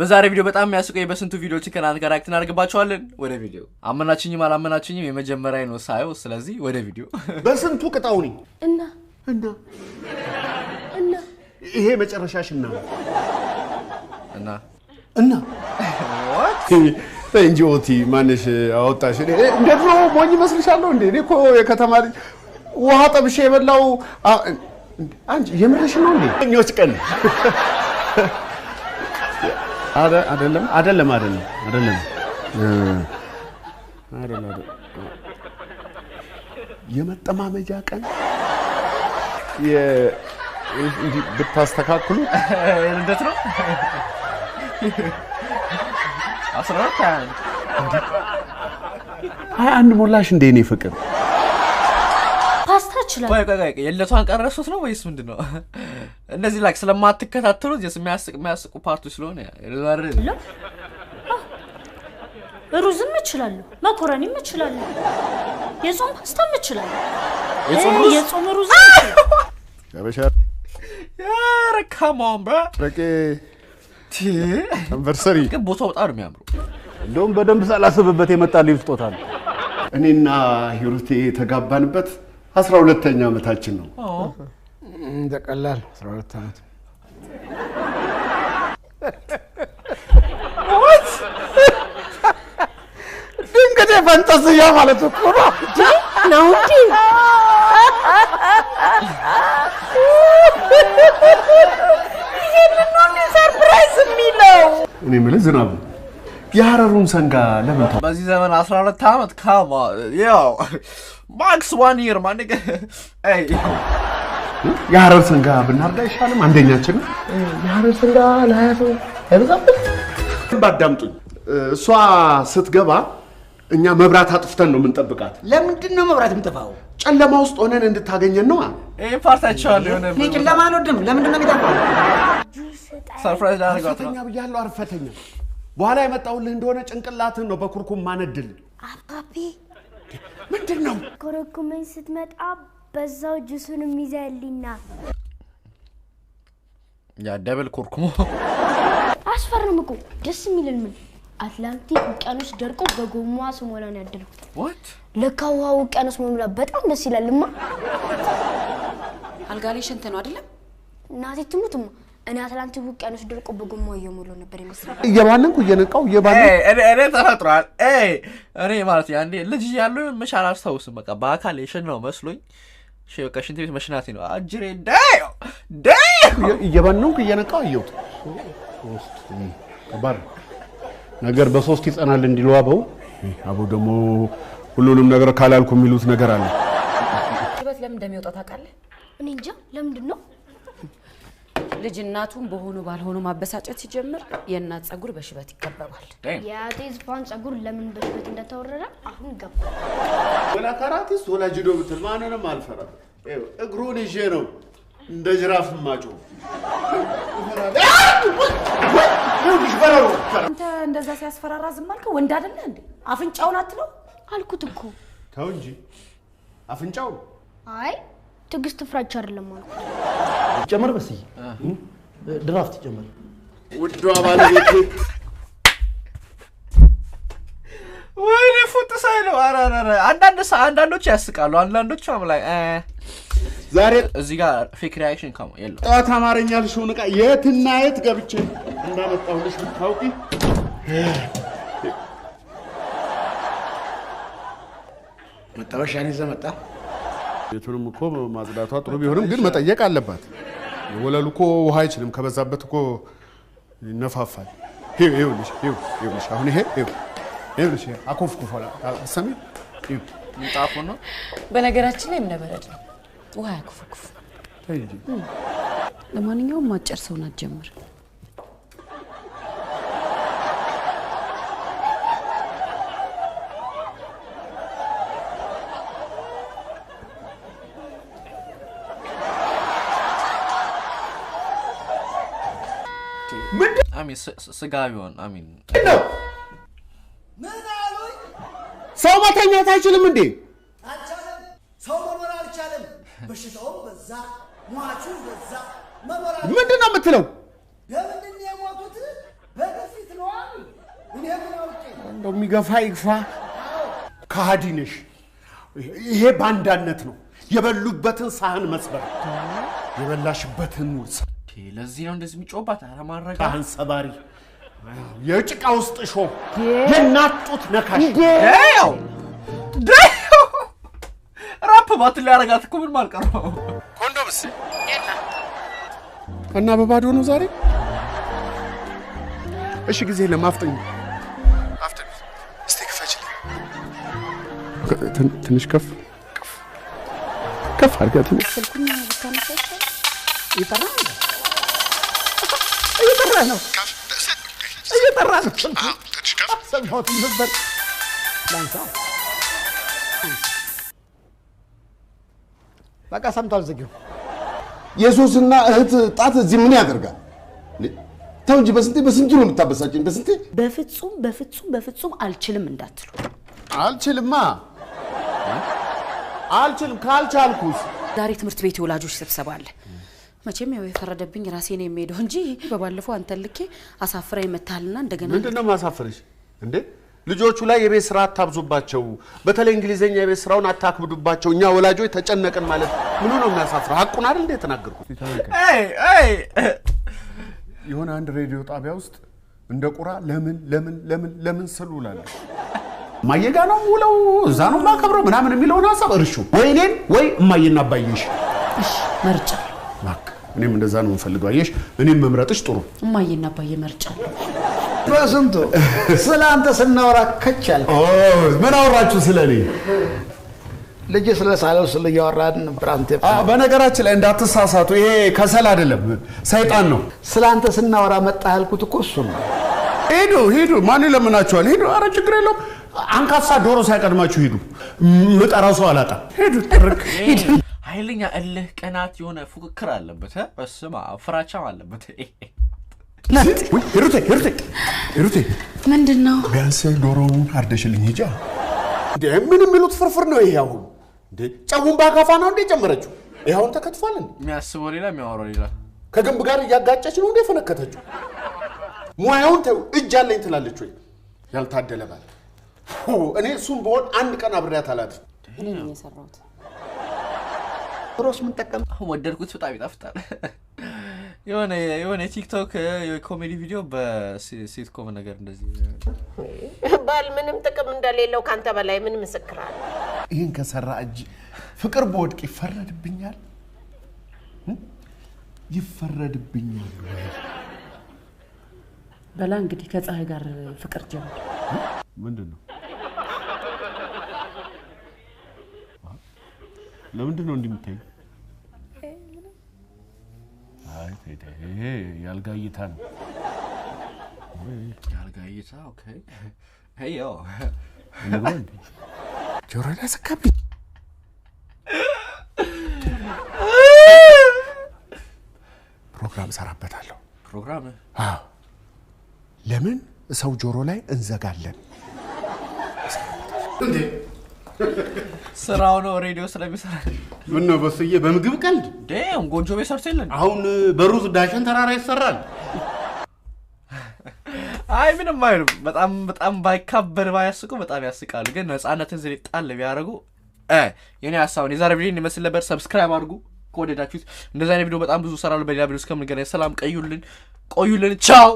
በዛሬ ቪዲዮ በጣም የሚያስቀኝ በስንቱ ቪዲዮዎችን ከእናንተ ጋር አክት እናደርግባቸዋለን። ወደ ቪዲዮ አመናችኝም አላመናችኝም የመጀመሪያ ነው ሳየው። ስለዚህ ወደ ቪዲዮ በስንቱ ቅጣውኒ እና እና እና ይሄ መጨረሻሽ እና እና እና እንጂ ኦቲ ማንሽ አወጣሽ እንደ ድሮ ሞኝ መስልሻለሁ እንዴ? እኔ እኮ የከተማ ውሃ ጠብሼ የበላው አንቺ የምርሽ ነው እንዴ? ቀን አይደለም አይደለም አይደለም አይደለም አይደለም የመጠማመጃ ቀን እንዲህ ብታስተካክሉ ነው አስራ አንድ ሞላሽ እንደ ፍቅር ይችላል። ቆይ ቆይ ቆይ የለቷን ቀረሱት ነው ወይስ ምንድን ነው? እነዚህ ላይክ ስለማትከታተሉት የሚያስቅ የሚያስቁ ፓርቶች ስለሆነ ሩዝም እችላለሁ፣ መኮረኒም እችላለሁ፣ የጾም ፓስታም እችላለሁ፣ የጾም ሩዝ ሻበሻ ረካማን በረቄ አንቨርሰሪ ግን ቦታው በጣም የሚያምሩ። እንደውም በደንብ ሳላስብበት የመጣ የመጣልኝ ስጦታ ነው። እኔና ሂሩቴ የተጋባንበት አስራ ሁለተኛ ዓመታችን ነው። እንደ ቀላል አስራ ሁለት ዓመት ድንገት ፈንጠዝያ ማለት እኮ ነው እንጂ የሚለው እኔ የምልህ ዝናቡ የሀረሩን ሰንጋ ለምን በዚህ ዘመን አስራ ሁለት ዓመት ካማ ያው ማክስ ዋን ይር ማን ነገ የሀረር ሰንጋ ብናርዳ አይሻልም? አንደኛችን የሀረር ሰንጋ ለሀያ ባዳምጡኝ፣ እሷ ስትገባ እኛ መብራት አጥፍተን ነው የምንጠብቃት። ለምንድን ነው መብራት የምጠፋው? ጨለማ ውስጥ ሆነን እንድታገኘን ነው። ይህን ፓርታችኋለሁ። የሆነ ጨለማ አልወድም። ለምንድን ነው የሚጠፋው? ሰርፕራይዝ አርፈተኛ ብያለሁ፣ አርፈተኛ። በኋላ የመጣሁልህ እንደሆነ ጭንቅላትህን ነው በኩርኩም ማነድል አባቤ ምንድን ነው ኮረኩመኝ ስትመጣ በዛው ጁሱን የሚዘልና ያ ደብል ኮርኩሞ አስፈርም እኮ ደስ የሚልን ምን አትላንቲክ ውቅያኖስ ደርቆ በጎማ ስሞላን ያደርኩት ለካ ውሃ ውቅያኖስ መሙላ በጣም ደስ ይላልማ። አልጋሌ ላይ ሽንት ነው አይደለም? እናቴ ትሙትማ እኔ አትላንቲክ ውቅያኖስ ድርቁ በጎማ እየሞሉ ነበር ይመስላል። እየባነንኩ እየነቃው እየባለንኩ እኔ ተፈጥሯል። እኔ ማለት ያንዴ ልጅ ያለው መቼ አላስታውስም። በቃ በአካል የሸናው መስሎኝ በቃ ሽንት ቤት መሽናቴ ነው። አጅሬ እየባለንኩ እየነቃው ከባድ ነገር በሶስት ይጸናል እንዲሉ አበው አቡ ደግሞ ሁሉንም ነገር ካላልኩ የሚሉት ነገር አለ። ለምን እንደሚወጣ ታውቃለህ? እኔ እንጃ ለምንድን ነው ልጅ እናቱን በሆኑ ባልሆኑ ማበሳጨት ሲጀምር የእናት ጸጉር በሽበት ይከበባል። የአጤ ዝፋን ጸጉር ለምን በሽበት እንደተወረረ አሁን ይገባል። ወላ ካራቲስ ወላ ብትል ማንንም አልፈራም። እግሩን ይዤ ነው እንደ ጅራፍ ማጮ አንተ እንደዛ ሲያስፈራራ ዝም አልከው? ወንድ አይደለ እንዴ? አፍንጫውን አትለው አልኩት እኮ ተው እንጂ አፍንጫውን። አይ ትዕግስት ፍራቻ አይደለም አልኩት። ጨምር በስዬ ድራፍት ጀመር። ውዷ ባለቤት ወይኔ ፉጥ ሳይ ነው። አንዳንዶች ያስቃሉ፣ አንዳንዶች ላይ ዛሬ እዚህ ጋር ፌክ ሪያክሽን የለውም። ጠዋት አማርኛ ልሽውን ዕቃ የትና የት ገብቼ እንዳመጣሁልሽ ብታውቂ። መጠበሻን ይዘህ መጣ። ቤቱንም እኮ ማጽዳቷ ጥሩ ቢሆንም ግን መጠየቅ አለባት። ወለሉ እኮ ውሃ አይችልም፣ ከበዛበት እኮ ይነፋፋል። አሁን ይሄ አኮፍኩፍ ምንጣፉ ነው። በነገራችን ላይ እምነበረድ ነው፣ ውሃ ያኮፍኩፍ። ለማንኛውም ማጨር ሰውን አትጀምር። ሚን ስጋ ቢሆን አሚን ነው። ሰው መተኛት አይችልም እንዴ? ሰው መኖር አልቻለም። በሽታውም በዛ፣ ሟቹ በዛ። መኖር ምንድን ነው የምትለው? ለምንድን የሞቱት? በግፊት ነው። እኔ ምን እንደው የሚገፋ ይግፋ። ከሃዲ ነሽ። ይሄ ባንዳነት ነው። የበሉበትን ሳህን መስበር፣ የበላሽበትን ውርስ ለዚህ ነው እንደዚህ የሚጮባት። ኧረ ማረጋ አንጸባሪ የጭቃ ውስጥ ሾ የናጡት ነካሽ ራፕ ባትን ሊያረጋት እኮ ምን አልቀረው። ኮንዶምስ እና በባዶ ነው ዛሬ። እሺ ጊዜ ለማፍጠኝ አፍጠኝ። እስቲ ክፈችልኝ። ትንሽ ከፍ ከፍ አድርጋ ትንሽ ይፈራ እየጠራህ ነው እየጠራህ ነው። ሰማሁት ነበር ላንሳ በቃ ሰምቷል። ዝጊው የሶስና እህት ጣት እዚህ ምን ያደርጋል? ተው እንጂ በስንቴ በስንቱ ነው የምታበሳጭኝ? በስንቴ በፍጹም በፍጹም በፍጹም አልችልም እንዳትሉ። አልችልማ አልችልም ካልቻልኩስ ዛሬ ትምህርት ቤት የወላጆች ስብሰባ አለ። መቼም ያው የፈረደብኝ ራሴ ነው የሚሄደው እንጂ በባለፈው አንተ ልኬ አሳፍራ ይመታልና እንደገና ምንድን ነው ማሳፍርሽ እንዴ? ልጆቹ ላይ የቤት ስራ አታብዙባቸው። በተለይ እንግሊዝኛ የቤት ስራውን አታክብዱባቸው። እኛ ወላጆች ተጨነቅን ማለት ምኑ ነው የሚያሳፍረው? ሀቁን አይደል እንዴ የተናገርኩት። የሆነ አንድ ሬዲዮ ጣቢያ ውስጥ እንደ ቁራ ለምን ለምን ለምን ለምን ስሉ ላለ ማየጋ ነው ውለው እዛ ነው ማከብረው ምናምን የሚለውን ሀሳብ እርሹ ወይ እኔን ወይ እማየና አባዬሽ መርጫ እኔም እንደዛ ነው የምፈልገው። አየሽ፣ እኔም መምረጥሽ ጥሩ። እማዬና አባዬ መርጫ በስንቱ ስለ አንተ ስናወራ ከች ምን አወራችሁ ስለ እኔ? ልጅ ስለ ሳለው ስለ እያወራን ነበር። አንተ በነገራችን ላይ እንዳትሳሳቱ፣ ይሄ ከሰል አይደለም ሰይጣን ነው። ስለ አንተ ስናወራ መጣ ያልኩት እኮ እሱ ነው። ሂዱ ሂዱ፣ ማን ይለምናችኋል? ሂዱ። አረ ችግር የለውም። አንካሳ ዶሮ ሳይቀድማችሁ ሂዱ። ምጠራው ሰው አላጣም። ሂዱ፣ ጥርቅ ሂዱ። ኃይለኛ እልህ ቅናት የሆነ ፉክክር አለበት። በስመ ፍራቻም አለበት። ምንድን ነው ቢያንስ ዶሮውን አርደሽልኝ ሂጂ። ምን የሚሉት ፍርፍር ነው ይሄ? አሁን ጨውን በአካፋ ነው እንዴ ጨመረችው? አሁን ተከትፏል። የሚያስበው ሌላ የሚያወራው ሌላ። ከግንብ ጋር እያጋጨች ነው እንዴ ፈነከተችው? ሙያውን እጅ አለኝ ትላለች ወይ? ያልታደለ ባል። እኔ እሱም በሆን አንድ ቀን አብሬያት አላት። እኔ ነው የሰራሁት ሮስ ምን ጠቀም? ወደድኩት። በጣም ይጣፍጣል። የሆነ የሆነ የቲክቶክ የኮሜዲ ቪዲዮ በሴትኮም ነገር እንደዚህ ባል ምንም ጥቅም እንደሌለው ከአንተ በላይ ምን ምስክር አለ? ይህን ከሰራ እጅ ፍቅር በወድቅ ይፈረድብኛል፣ ይፈረድብኛል። በላ እንግዲህ ከፀሐይ ጋር ፍቅር ጀምር። ምንድን ነው ለምንድን ነው እንደምታዩ? አይ ተይ ተይ፣ ይሄ ያልጋ እይታ ነው። ያልጋ እይታ ኦኬ። ሄዮ ጆሮ ላይ ፕሮግራም እሰራበታለሁ። ፕሮግራም? አዎ። ለምን ሰው ጆሮ ላይ እንዘጋለን። እንዴ? ስራው ነው ሬዲዮ ስለሚሰራ። ምን ነው በስዬ፣ በምግብ ቀልድ ዴም ጎንጆ ቤት ሰርቶ የለን? አሁን በሩዝ ዳሽን ተራራ ይሰራል። አይ ምንም አይሉም። በጣም በጣም ባይካበር ባያስቁ በጣም ያስቃሉ። ግን ነጻነትን ዝን ጣል ቢያደርጉ የኔ ሀሳብን የዛሬ ቪዲዮ ይመስል ነበር። ሰብስክራይብ አድርጉ ከወደዳችሁት። እንደዚህ አይነት ቪዲዮ በጣም ብዙ ሰራሉ። በሌላ ቪዲዮ እስከምንገናኝ ሰላም ቀዩልን ቆዩልን። ቻው